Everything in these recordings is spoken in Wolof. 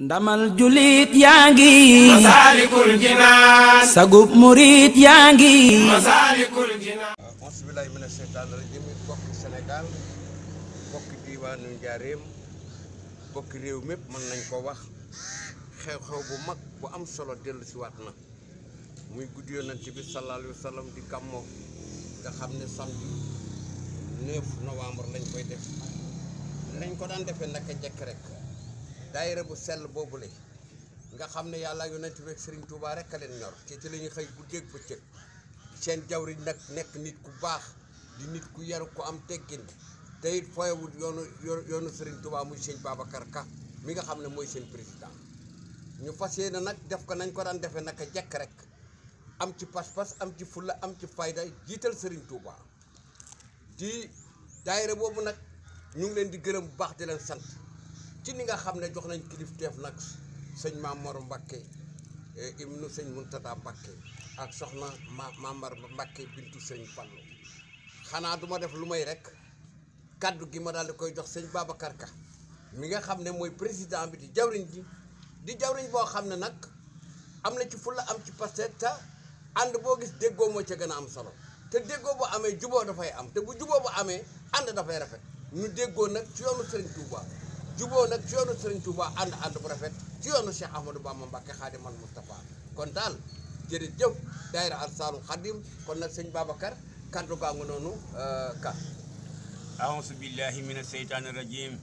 ndamal julit yaa ngi Masaalikul Jinaan sagub murit yaa ngi Masaalikul Jinaan bismillahi mina seytaani rajim bokki Sénégal bokki diiwaanu njaareem bokki réew mépp mën nañ ko wax xew-xew bu mag bu am solo dellu si waat na muy guddi yonent bi sallallahu alayhi wa sallam di gàmmoo nga xam ne samedi 9 lañ koy def ko daan defee naka daayira bu sell boobule nga xam ne yàlla nañ bi ak Serigne Touba rek a leen ñor ci ci la ñuy xëy guddeeg bëccëg seen jawri nag nekk nit ku baax di nit ku yaru ko am teggin te it fooyewut yoonu yoonu Serigne Touba muy sëñ Babacar Ka mi nga xam ne mooy seen président ñu fas yéene nag def ko nañ ko daan defee naka jekk rek am ci pas-pas am ci fulla am ci fayda jiital Serigne Touba di daayira boobu nag ñu ngi leen di gërëm bu baax di leen sant. ci ni nga xam ne jox nañ kilifteef nag sëñ Mamor Mbacke eh, ibnu sëñ Muntada Mbacke ak soxna ma Mamar Mbacke bintu sëñ Fallu xanaa duma def lu may rek kaddu gi ma daal di koy jox sëñ Babacar Ka mi nga xam ne mooy président bi di jawriñ ji di jawriñ boo xam ne nag am na ci fulla am ci pasteet te ànd boo gis déggoo moo ca gën a am solo te déggoo bu amee juboo dafay am te bu juboo bu amee ànd dafay rafet ñu déggoo nag ci yoonu Sëriñ Tuubaa juboo nag ci yoonu Serigne Touba ànd ànd bu ci yoonu Cheikh Ahmadou Bamba Mbacké Khadimal Moustapha kon daal jërëjëf daayira Ansaaru Xadim kon nag sëñ Babacar kàddu noonu euh, ka aousu billahi min aseytaani rajim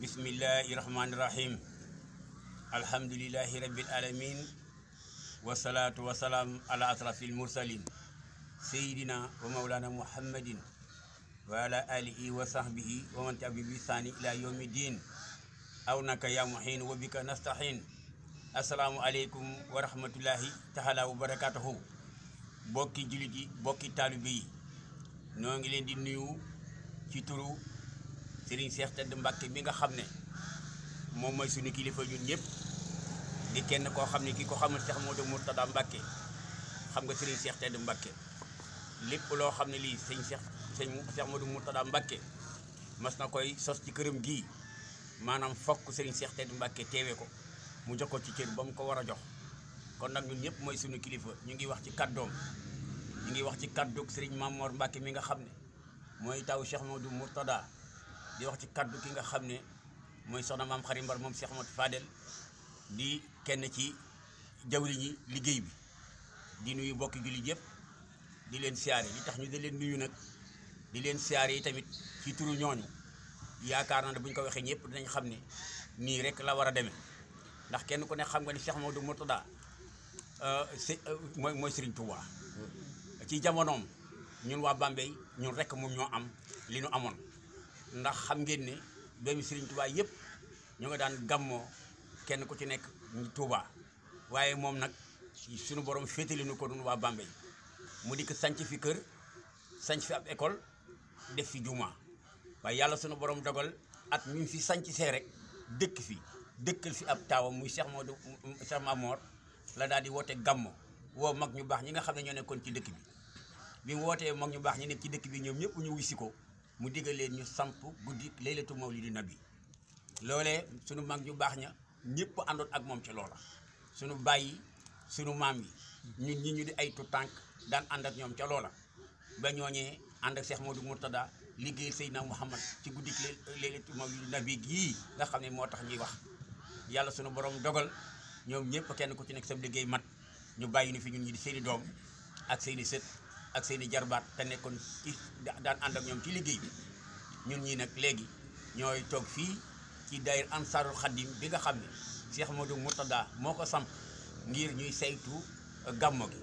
bismillahi rahmaani rahim alhamdulilahi rabbil alamin wasalaatu wasalaam ala asrafil mursalin sayidina wa maulana muhammadin wa ala alihi wa sahbihi wa man tabi bi saani ila yawmi diin aw naka yaa muhiin wa bika nastahiin assalaamu aleykum wa rahmatullahi taala wa bokki jullit yi bokki taalibe yi noo ngi leen di nuyu ci turu Serigne Cheikh Tedd Mbacke bi nga xam ne moom mooy suñu kilifa ñun ñëpp di kenn koo xam ne ki ko xamul Cheikh Modou Mourtada xam nga Serigne Cheikh Tedd lépp loo xam ne lii sëñ Cheikh sëñ Cheikh Modou Mourtada Mbacke mas na koy sos ci këram gii maanaam fokk sëriñ Cheikh Tedd Mbacke teewe ko mu jox ko ci cër ba mu ko war a jox kon nag ñun ñëpp mooy suñu kilifa ñu ngi wax ci kàddoom ñu ngi wax ci kàddu sëriñ Mamor Mbacke mi nga xam ne mooy taw Cheikh Modou Mourtada di wax ci kaddu ki nga xam ne mooy soxna maam xari mbar Cheikh Modou Fadel di kenn ci jawri ñi liggéey bi di nuyu bokki jullit jep di len siyaare li tax ñu di leen nuyu nag di leen siyaare yi tamit ci turu ñooñu yaakaar naa ne bu ñu ko waxee ñëpp dinañ xam ni nii rek la war a demee ndax kenn ku ne xam nga ni Cheikh Maodo Mourtada euh, si euh, mooy mooy Serigne ci jamonoom ñun waa Bambey ñun rek moom ñoo am li ñu amoon ndax xam ngeen ne doomi Serigne Touba yëpp ñu nga daan gàmmoo kenn ku ci nekk Touba waaye moom nag suñu borom féetali nu ko nun waa Bambey mu dikk sanc fi kër sanc fi ab école def fi jumaa waaye yàlla sunu boroom dogal at mi fi sanc see rek dëkk fi dëkkal fi ab taawa muy Cheikh Modou Cheikh Mamor la daal di woote gàmmo woo mag ñu baax ñi nga xam ne ñoo nekkoon ci dëkk bi bi wootee mag ñu baax ñi nekk ci dëkk bi ñoom ñëpp ñu wuy si ko mu digal leen ñu samp guddi laylatu mawlidu nabi loolee sunu mag ñu baax ña ñëpp àndoon ak moom ca loola sunu bàyyi sunu maam yi ñun ñi ñu di ay tu tànk daan ànd ak ñoom ca loola ba ñooñee Anda ak Cheikh Modou murtada liggéey Seydina Mouhamad ci guddi leelatu mawlidu nabi gi nga xamne motax ñi wax yalla suñu borom dogal ñom ñepp kenn ku ci nek sam mat ñu bayyi ñu fi ñun ñi di seeni dom ak seeni set ak seeni jarbat te nekkon ci daan and ak ñom ci liggéey ñun ñi nak legi ñoy tok fi ci dair ansarul khadim bi nga xamne Cheikh Modou murtada moko ngir ñuy saytu gamogi,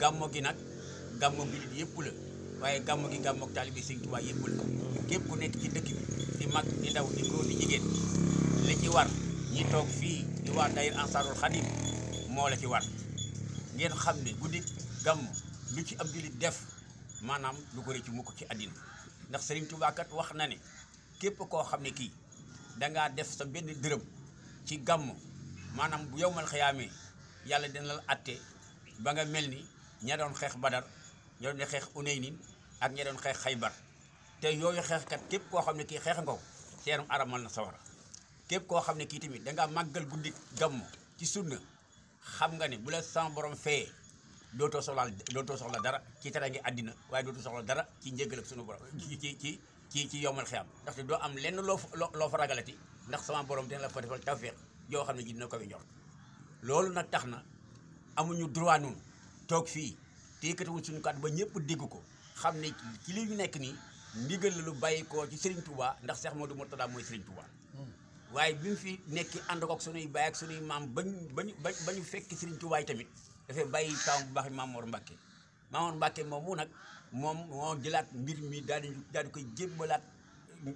gamogi nak, gamogi nag la waye gamu gi gàmmoog talibi seigne touba yebul ko kep ku nek ci dekk bi di mag di ndaw di ko di jigen li ci war ñi tok fi di waa daayira ansarul khadim mo la ci war ngeen xam ne gam lu ci ab def manam lu ko ci muko ci àddina ndax seigne touba kat wax na ne kep ko xam ki da nga def sa benn deureum ci gam manam bu yowmal khiyamé yalla dina la atté ba nga melni ña badar ña doon xeex ak ñi doon xex xaybar te yooyu xeexkat képp koo xam ne kii xex nga ko seenum aramal na sawara képp koo xam ne kii tamit nga màggal guddi gam ci sunna xam nga ne bu la sama borom fee dootoo soxlaal dootoo soxla dara ci teraange àddina waaye dootoo soxla dara ci njëgal ak sunu borom ci ci ci ci ci yomal xiyam ndax doo am lenn loo loo fa ragalati ndax sama borom dina la ko defal tawfiq yoo xam ne ji dina ko fi ñor loolu nag tax na amuñu droit nun toog fii te yëkkatiwuñ suñu kàddu ba ñëpp dégg ko xam ne ci li nekk nii ndigal la lu bàyyi koo ci Serigne Touba ndax Cheikh Modou Mourtada mooy Serigne Touba. Hmm. waaye bi mu fi nekk ànd ak sunuy baay ak sunuy maam bañ ba ñu fekk Serigne Touba yi tamit dafay bàyyi taw bu baax Maam Mor Mbacke Maam Mor moom mu nag moom moo jëlaat mbir mi daal di daal di koy jébbalaat am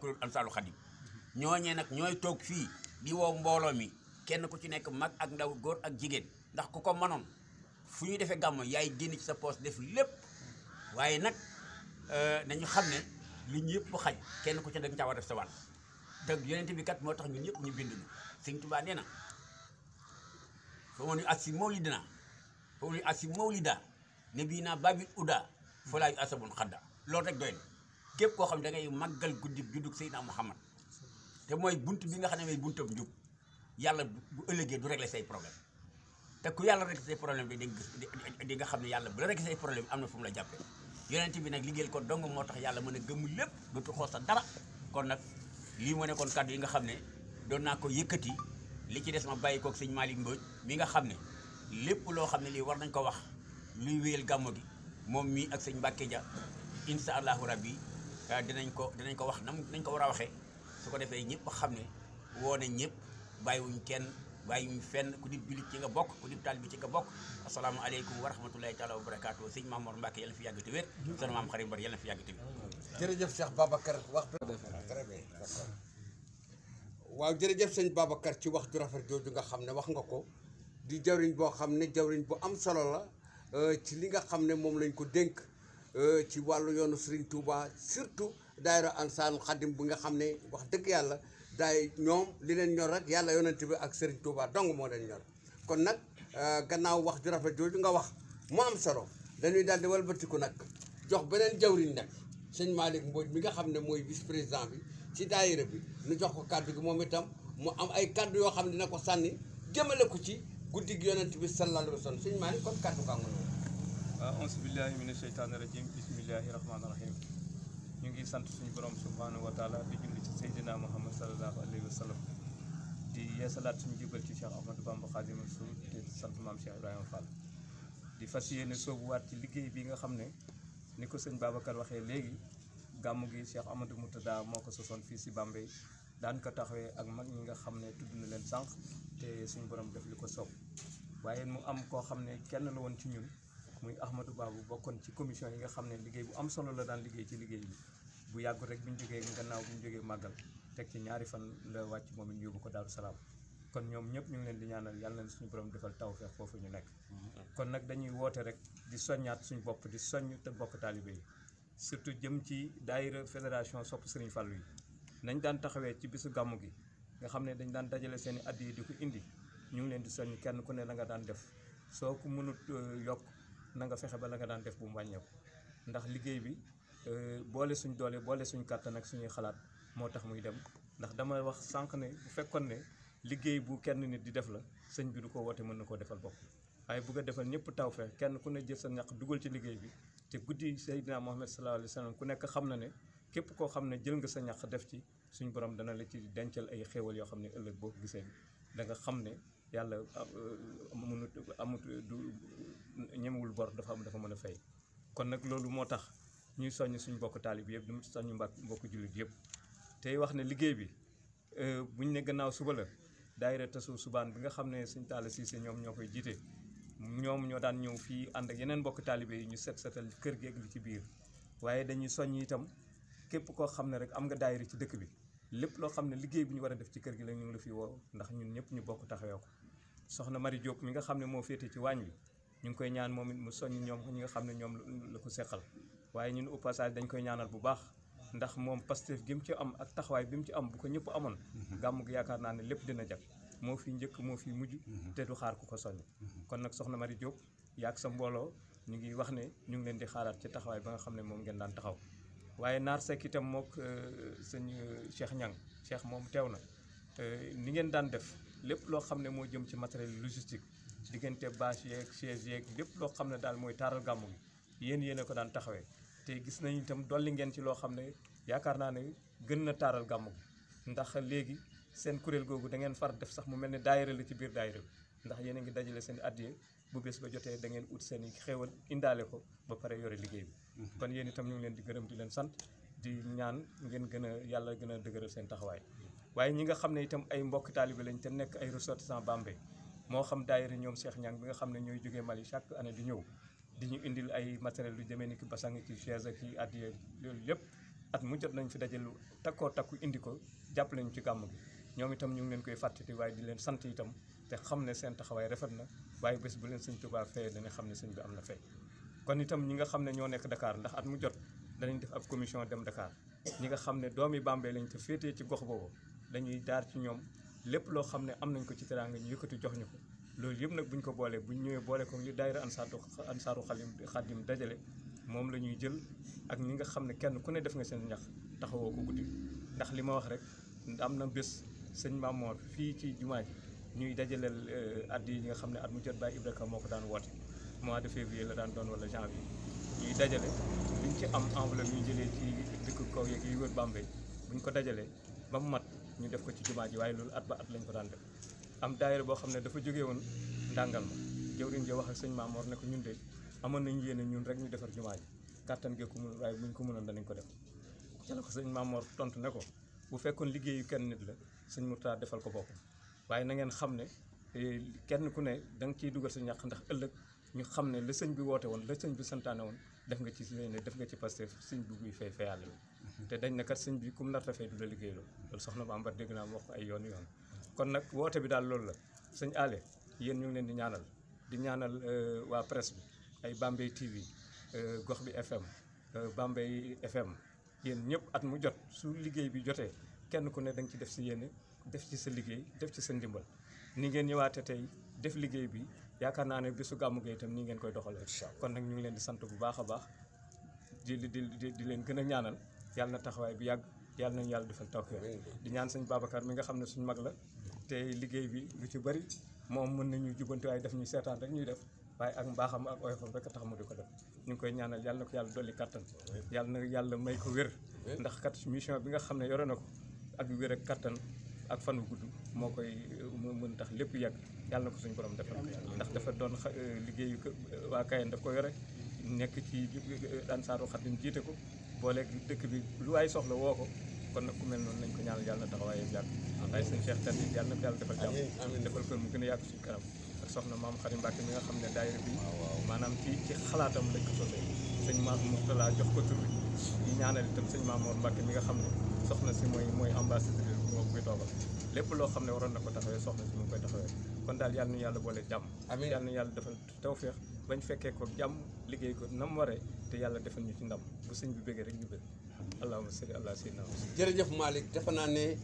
kuréel Ansaaru Xadim ñooñee nag ñooy toog fii di woo mbooloo mi kenn ku ci nekk mag ak ndaw góor ak jigéen ndax ku ko mënoon. fuñu défé gam yaay génn ci sa poste def lépp nak euh nañu xamné ne li ñu xaj kenn ku ci dëgg nga caa def sa wal dëgg yoonent bi kat mo tax ñun ñepp ñu bind ñu sëñ Touba néna na fa ma nuy mawlidina fa woni nuy mawlida babil uda fa yu asabun khada lo rek doy kep ko xam da ngay màggal guddi juddug sayyidna Muhammad te moy buntu bi nga xam moy buntu buntam njub yàlla bu ëllëgee du régler say problème te ku yàlla rek say problème bi di nga xam ne yàlla bu la rek say problème am na fu mu la jàppe yonent bi nag liggéeyal ko dong moo tax yàlla mën a gëmm lépp dootu xool sa dara kon nag lii moo nekkoon kàddu yi nga xam ne doon naa ko yëkkati li ci des ma bàyyi koog sëñ Malick Mbodj mi nga xam ne lépp loo xam ne lii war nañ ko wax luy wéyal gàmmo gi moom mii ak sëñ Mbacke Dia incha allahu rabbi ah, dinañ ko dinañ ko wax nam nañ ko war a waxee su ko defee ñëpp xam ne woo bàyyiwuñ fenn ku di bilit ci bokk ku di bi ci nga bokk asalaamaaleykum wa rahmatulahi taala wa barakaatu sëñ Mamour Mbacke yàlla fi yàgg te wér sunu maam xarit Mbar yàlla fi yàgg te wér jërëjëf waaw jërëjëf sëñ Babacar ci wax ju rafet jooju nga xam ne wax nga ko di jawriñ boo xam ne jawriñ bu am solo la euh, ci li nga xam ne moom lañ ko dénk euh, ci wàllu yoonu Serigne Touba surtout daayira Ansaarul Xadim bi nga xam ne wax dëgg yàlla day ñoom li leen ñor rek yàlla yonent bi ak Serigne Touba dong moo leen ñor kon nag euh, gannaaw wax ju rafet jooju nga wax mu am solo dañuy daal di walbatiku nag jox beneen jawriñ nag sëñ Malick Mbodj bi nga xam ne mooy bis président bi ci daayira bi nu jox ko kàddu gi moom itam mu am ay kàddu yoo xam ne dina ko sànni jëmale ko ci guddi gi yonent bi sallallahu alayhi wa sallam sëñ Malick kon kàddu kaa ngoon waaw auzu billahi mina sheytaani rajim bismillahi rahmaani rahim sant suñu borom subhanahu wa taala di julli ci Seydina Muhammad sallallahu alayhi wa sallam di yeesalaat suñu jubal ci Cheikh Ahmadou Bamba Xaadimu Rasuul di sant maam Cheikh Ibrahima Fall di fas yéene soobuwaat ci liggéey bi nga xam ne ni ko sëñ Babacar waxee léegi gàmm gi Cheikh Amadou Moutada moo ko sosoon fii si Bambey daan ko taxawee ak mag ñi nga xam ne tudd na leen sànq te suñu borom def li ko soob waaye mu am koo xam ne kenn la woon ci ñun muy Ahmadou Babou bokkoon ci commission yi nga xam ne liggéey bu am solo la daan liggéey ci liggéey bi bu yàggut rek bi ñu jógee gannaaw bu ñu jógee màggal teg ci ñaari fan la wàcc moom it yóbbu ko Daaru Salaam kon ñoom ñëpp ñu ngi leen di ñaanal yàlla na suñu borom defal tawfeex foofu ñu nekk kon nag dañuy woote rek di soññaat suñu bopp di soññ te bokk taalibe yi surtout jëm ci daayira fédération sopp Sëriñ Fallu yi nañ daan taxawee ci bisu gàmmu gi nga xam ne dañ daan dajale seen i addi yi di ko indi ñu ngi leen di soññ kenn ku ne la nga daan def soo ko mënut euh, yokk na nga fexe ba la nga daan def bu mu wàññeeku Euh, boole suñ doole boole suñu kàttan ak suñuy xalaat moo tax muy dem ndax dama wax sànq ne bu fekkoon ne liggéey bu kenn nit di def la sëñ bi du ko woote mën na koo defal bopp waaye bëgg a defal ñëpp taw feex kenn ku ne jël sa ñaq dugal ci liggéey bi te guddi Seydina Mohamed sallallahu alayhi wa sallam ku nekk xam na ne képp koo xam ne jël nga sa ñaq def ci suñ borom dana la ci dencal ay xéewal yoo xam ne ëllëg boo ko gisee da nga xam ne yàlla euh, mënut amut du ñemewul bor dafa am dafa mën a fay tax ñuy soññ suñu mbokk taalib yëpp di mu soññ mbak mbokk jullit yëpp tey wax ne liggéey bi euh, buñ ne gannaaw suba la daayira tasu subaan bi nga xam ne suñ taala siise ñoom ñoo koy jiite ñoom ñoo daan ñëw fii ànd ak yeneen mbokk taalibe yi ñu set setal kër gi ak li ci biir waaye dañuy soññ itam képp koo xam ne rek am nga daayira ci dëkk bi lépp loo xam ne liggéey bi ñu war a def ci kër gi la ñu ngi la fi woo ndax ñun ñëpp ñu bokk taxawee ko soxna Mari Diop mi nga xam ne moo féete ci waañ bi ñu ngi koy ñaan moom it mu soññ ñoom ñi nga xam ne ñoom la ko seqal waye ñun au passage dañ koy ñaanal bu baax ndax mom Pastef gi ci am ak taxawaay bi mu ci am bu ko ñepp amoon gam mhm. gu yaakar naa ne lépp dina jag mo fi njëkk mo fi muju mhm. te du xaar ku ko soñ mhm. kon nak soxna Mari Diop yaak sa mbolo ñu ngi wax ne ñu ngi leen di xaarat ci taxawaay ba nga xamne mom ngeen daan taxaw waye nar sekk itam mok euh, señ euh, Cheikh ñang Cheikh mom tewna euh, ni ngeen daan def lepp lo xamne mo jëm ci matériel logistique digënté bâche yeeg chaise yeeg dal loo xam ne daal mooy yeen ko daan taxawé te gis nañu itam dolli ngeen ci loo xam ne yaakaar naa ne gën na taaral gàmmu ndax léegi seen kuréel googu da ngeen far def sax mu mel ne daayira la ci biir daayira ndax yéen a ngi dajale seen addiye bu bés ba jotee da ngeen ut seen i xéewal indaale ko ba pare yore liggéey bi kon yéen itam ñu ngi leen di gërëm di leen sant di ñaan ngeen gën a yàlla gën a dëgëral seen taxawaay waaye ñi nga xam ne itam ay mbokk taalibe lañ te nekk ay ressortissants Bambey moo xam daayira ñoom Cheikh Niang bi nga xam ne ñooy jógee Mali chaque année di ñëw di ñu indil ay matériel yu demee ni ki basang ki chaise ki addiya loolu lépp at mu jot nañ fi dajal takkoo takku indi ko jàpp ñu ci gàmm gi ñoom itam ñu ngi leen koy fàttali waaye di leen sant itam te xam ne seen taxawaay rafet na waaye bés bu leen sëñ Tuubaa fay dana xam ne sëñ bi am na fay kon itam ñi nga xam ne ñoo nekk dakaar ndax at mu jot danañ def ak commission dem Dakar ñi nga xam ne doomi Bambey lañ te féetee ci gox boobu dañuy daar ci ñoom lépp loo xam ne am nañ ko ci teraanga ñu jox ñu ko loolu yëpp nag bu ñu ko boolee bu ñu ñëwee boole ko li daayira ansaatu ansaaru xalim xaddim dajale moom la ñuy jël ak ñi nga xam ne kenn ku ne def nga seen ñax taxawoo ko guddi ndax li ma wax rek am na bés sëñ Mamoor fii ci jumaa ji ñuy dajaleel euh, at yi nga xam ne at mu jot Baye Ibrahima moo ko daan woote mois de février la daan doon wala janvier ñuy dajale buñ ci am enveloppe yu jëlee ci dëkk kaw yeeg yi wër Bambey buñ ko dajalee ba mu mat ñu def ko ci jumaa ji waaye loolu at ba at lañ ko daan def am daayira boo xam ne dafa jóge woon ndàngal ma jëwriñ ja wax ak sëñ Maamoor ne ko ñun de amoon nañ yéene ñun rek ñu defar jumaa ji kàttan gee ko mënul waaye buñ ko mënoon danañ ko def ca la ko sëñ Maamoor tontu ne ko bu fekkoon liggéeyu kenn nit la sëñ Murtada defal ko boppam waaye na ngeen xam ne eh, kenn ku ne da nga ciy dugal sa ñàq ndax ëllëg ñu xam ne la sëñ bi woote woon la sëñ bi santaane woon def nga ci ne def nga ci Pastef sëñ bi buy fay fayaale mhm. te dañ ne kat sëñ bi kum nar a fay du la liggéey loolu soxna Bambar dégg naa wax ko ay yoon yoon kon nag woote bi daal loolu la sëñ Allé yéen ñu ngi leen di ñaanal di ñaanal euh, waa presse bi ay Bambey TV euh, gox bi FM euh, Bambey FM yéen ñëpp at mu jot su liggéey bi jotee kenn ku ne da ci def si yéene def ci sa liggéey def ci sa ndimbal ni ngeen ñëwaate tey def liggéey bi yaakaar naa ne bésu gàmmu gay itam ni koy doxalee. kon nag ñu ngi leen di sant bu baax a baax di di di di leen gën a ñaanal yàlla na taxawaay bi yàgg yàlla nañu yàlla defal taw di ñaan sëñ Babacar mi nga xam ne suñu mag la. te liggéey bi lu ci bari moom mën nañu jubanti waaye daf ñu seetaan rek ñuy def waaye ak mbaaxam ak oyofam rek tax mu di ko def ñu ngi koy ñaanal yàlla ko yàlla dolli kattan yàlla na yàlla may ko wér ndax kat mission bi nga xam ne yore na ko ak wér ak kattan gudd moo koy mën tax lépp yàgg yàlla ko suñu borom defal ndax dafa doon euh, liggéey waa Kayen daf ko yore nekk ci euh, ansaaru xadim jiite ko booleeg dëkk bi lu waay soxla woo ko kon nag ku mel noonu nañ ko ñaanal yàlla na taxawaayam waaye sëñ Cheikh Tall yàlla na ko yàlla defal jàmm defal ko mu gën a yàgg suñu kanam ak soxna maam Xarim Mbàkke xam ne daayira bi maanaam ci ci xalaatam lañ ko sosee sëñ maam Mourtala ko tur bi ñaanal sëñ maam Mor Mbàkke mi nga xam ne soxna si mooy mooy ambassadeur bi moo koy toogal lépp loo xam ne waroon na ko taxawee soxna si mu koy taxawee kon daal yàlla na yàlla boole jàmm amiin yàlla na yàlla defal tew tawféex bañ fekkee ko jàmm liggéey ko nam waree te yàlla defal ñu ci ndam bu sëñ bi bëggee rek ñu bëgg allahumma salli ala sayyidina jërëjëf ne eh,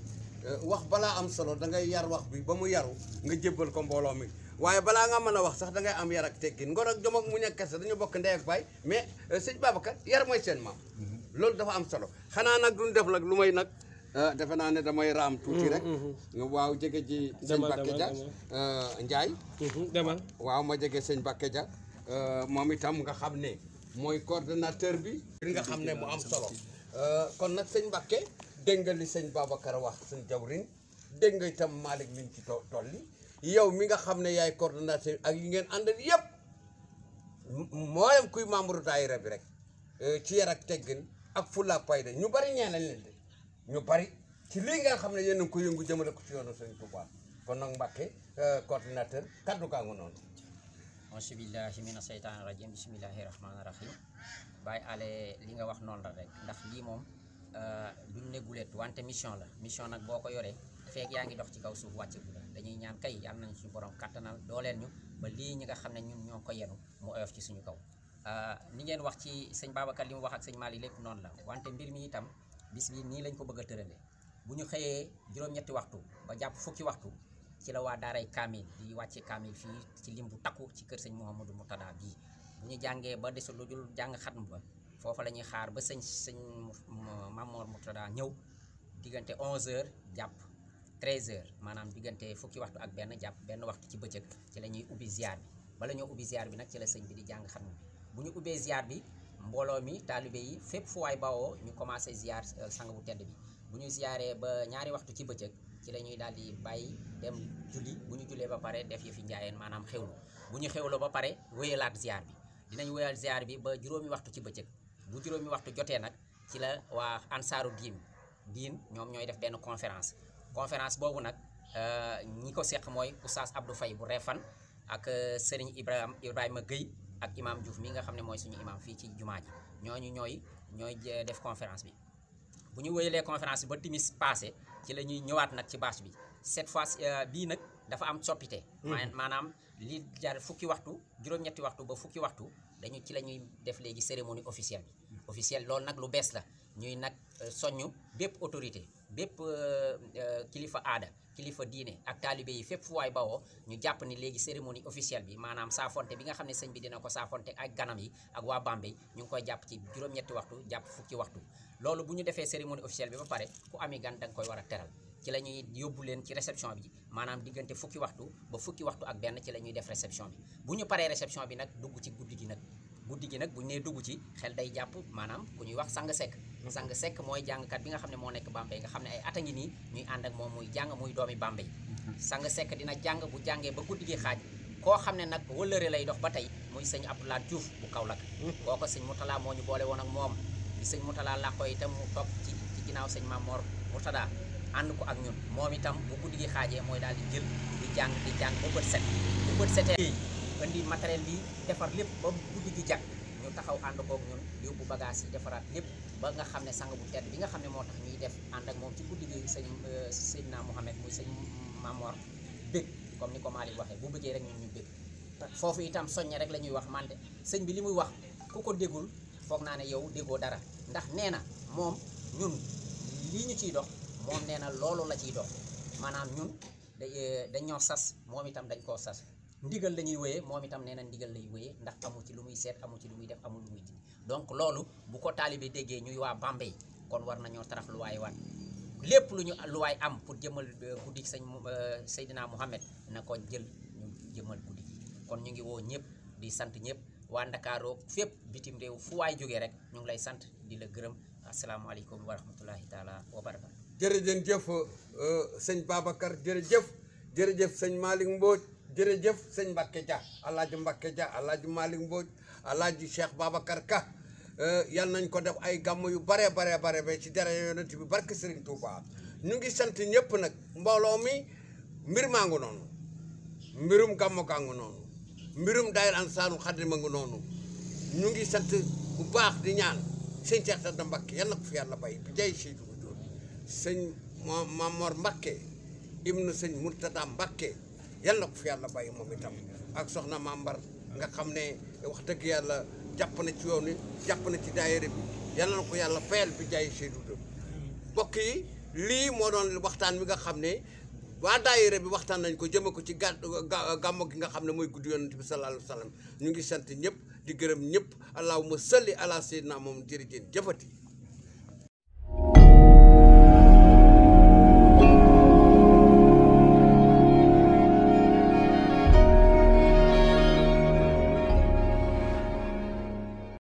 wax am solo da ngay yar wax bi ba mu yaru nga jébbal ko mbooloo mi waaye balaa nga mën wax sax da ngay am yar ak teggin ngor ak jom ak muñ ak me dañu bok ndey ak mais eh, yar mooy seen maam mhm. loolu dafa am solo xanaa nag duñ def nag lu may nag eh, ne damay ram tuuti rek mhm, mhm, waaw jege ji sëñ Bakke Dia Ndiaye demal waaw ma jege sëñ Bakke Dia moom itam nga ne mooy bi nga xam ne mu am solo Euh, kon nag sëñ Mbàkke dégg nga li sëñ Babacar wax sëñ jawrin dégg nga itam Malick liñ ci to tolli yow mi nga xam ne yaay coordonnateur ak yi ngeen àndal yëpp mboolem kuy membre daayira bi rek euh, ci yar ak teggin ak fulla ak fayda ñu bari ñaanal leen de ñu bari ci lii nga xam ne yéen a ko yëngu jëmale ko ci yoonu sëñ Tuubaa kon nag Mbàkke euh, coordonnateur kaddu gaa noonu auzu billaahi mina seytaani rajiim bismillaahi rahmaani rahiim bàyyi ale li nga wax noonu la rek ndax lii moom euh, duñ ne gulet wante mission la mission nag boo ko yoree feek yaa ngi dox ci kaw suuf wàcce gu la dañuy ñaan kay yàlla nañ suñu borom kattanal dooleel ñu ba lii ñi nga xam ne ñun ñoo ko yenu mu oyof ci suñu kaw euh, ni ngeen wax ci sëñ Babacar li mu wax ak sëñ Mali lépp noonu la wante mbir mi itam bis nii lañ ko bëgg a tërale bu ñu xëyee juróom waxtu ba jàpp fukki waxtu ci la wa daray kamil di wàcce kamil fi ci limbu takku ci keur seigne mohammed murtada bi bu ñu jàngee ba desul lu jul jang xatm ba fofu la xaar ba seigne seigne Mamour murtada ñew digënté 11h japp 13h manam digënté fukki waxtu ak ben japp ben waxtu ci bëcëk ci lañuy ubi ziar bi ba lañu ubi ziar bi nak ci la seigne bi di jang xatm bi bu ñu ziar bi mbolo mi talibé yi fep fu waay bawoo ñu commencé ziar euh, sangu tedd bi bu ñu ziaree ba ñaari waxtu ci bëcëk ci lañuy daldi bayyi dem julli bu ñu julee ba pare def yi fi njaayeen maanaam xewlu bu ñu xewloo ba pare wéyalaat ziar bi dinañ wéyal ziar bi ba juróomi waxtu ci bëccëg bu juróomi waxtu jotee nag ci la waa ansaaru diin diin ñoom ñooy def benn conférence conférence boobu nag euh, ñi ko seq mooy oustaz Abdou fay bu Refan ak euh, Serigne Ibrahima Ibrahima Gueye ak imam juuf mi nga xam ne mooy suñu imam fii ci jumaa ji ñooñu ñooy ñooy def conférence bi bu ñu wéyalee conférence ba timis passé ci la ñuy ñëwaat nag ci bâche bi cette fois euh, bi nak dafa am soppite. manam hmm. li jar fukki waxtu juróom-ñetti waxtu ba fukki waxtu dañu ci lañuy def légui cérémonie officielle bi. Hmm. officielle lool nak lu bess la ñuy nak euh, soñu bép autorité bép euh, kilifa aada kilifa dine, ak talibé yi fép fuway bawo ñu japp ni légui cérémonie officielle bi sa fonté bi nga xamné ne bi dina ko fonté ak ganam yi ak wa bambé ñu koy japp ci juróom-ñetti waxtu japp fukki waxtu loolu buñu défé cérémonie officielle bi ba paré ku ami gan dang koy wara téral ci lañuy yobul len ci réception bi manam digënté fukki waxtu ba fukki waxtu ak ben ci lañuy def réception bi buñu paré paree réception bi nak dugg ci guddigi nak guddigi nak gi né dugg ci xel day japp manam ku wax sang sek sang moy jang kat bi nga xamné mo nek bambay nga xamné ay atangi ni ñuy and ak mom muy jang muy doomi bambay sang sek dina jang bu jangé ba guddigi xaj ko xamné nak ne lay dox ba tay muy Abdoulaye Diouf bu kaolak Moutala moñu bolé won ak mom Moutala koy tam mu top ci ginaaw Mamor Mourtada and ko ak ñun moom itam bu guddi gi xaajee mooy daal di jël di jang di jang bu bët set bu bët setee andi matériel bi défar lépp ba guddi gi jag ñu taxaw and ko ak ñun yóbbu bagage yi defaraat lépp ba nga xamné sang bu tedd bi nga xamné motax ñi def and ak mom ci guddi gi sëñ euh, Seydina Mouhamed muy sëñ Mamor bég comme niko malik Malick bu bëggee rek ñun ñu bég fofu itam soññe rek lañuy ñuy wax mante sëñ bi limuy wax ku ko déggul foog naa ne yow dégo dara ndax néna mom ñun li ñu ciy dox mom neena loolu la ci dox manam ñun dañu sas mom itam dañ ko sas ndigal lañuy ñuy mom itam neena ndigal lay wéyee ndax amu ci lu muy sét amu ci lu muy def amu lu muy ji donc loolu bu ko talibé déggé ñuy wa Bambey kon war nañu taraf lu way wat lepp lu ñu lu way am pour jëmal euh, guddik sëñ euh, na ko jël ñu jëmal guddik kon ñu ngi wo ñepp di sant ñepp wa Ndakaaroo fep bitim rew fu way joge rek ñu lay sant di la gërëm warahmatullahi wa rahmatullahi taala jërëjëf euh, sëñ babakar jërëjëf jërëjëf sëñ Malick Mbodj jërëjëf sëñ Mbacke Dia alaaji Mbacke Dia alaaji Malick Mbodj alaaji Cheikh Babacar Ka euh, yan nañ ko def ay gàmm yu bare bare bare ba ci dara yonent bi barke Serigne Touba ñu ngi sant ñëpp nag mbooloo mi mbir maa ngi noonu mbirum gàmmu gaa ngi noonu mbirum daayira Ansaarul Xaadim a ngi noonu ñu ngi sant bu baax di ñaan sëñ Cheikh da Mbacke yan na ko fi yàlla bay bi jay si sëñ ma Mamor Mbakke na sëñ Murtada Mbakke yàlla ko fi yàlla bàyyi moom itam ak soxna Mambar nga xam ne wax dëgg yàlla jàpp na ci yoon wi jàpp na ci daayira bi yàlla na ko yàlla fayal bi jaay see dudd mbokk yi lii moo doon waxtaan wi nga xam ne waa daayira bi waxtaan nañ ko jëme ko ci gà gàmmo gi nga xam ne mooy guddi yonent bi sallallahu alayhi ñu ngi sant ñëpp di gërëm ñëpp ma salli ala sayyidina moom jërëjëf jëfati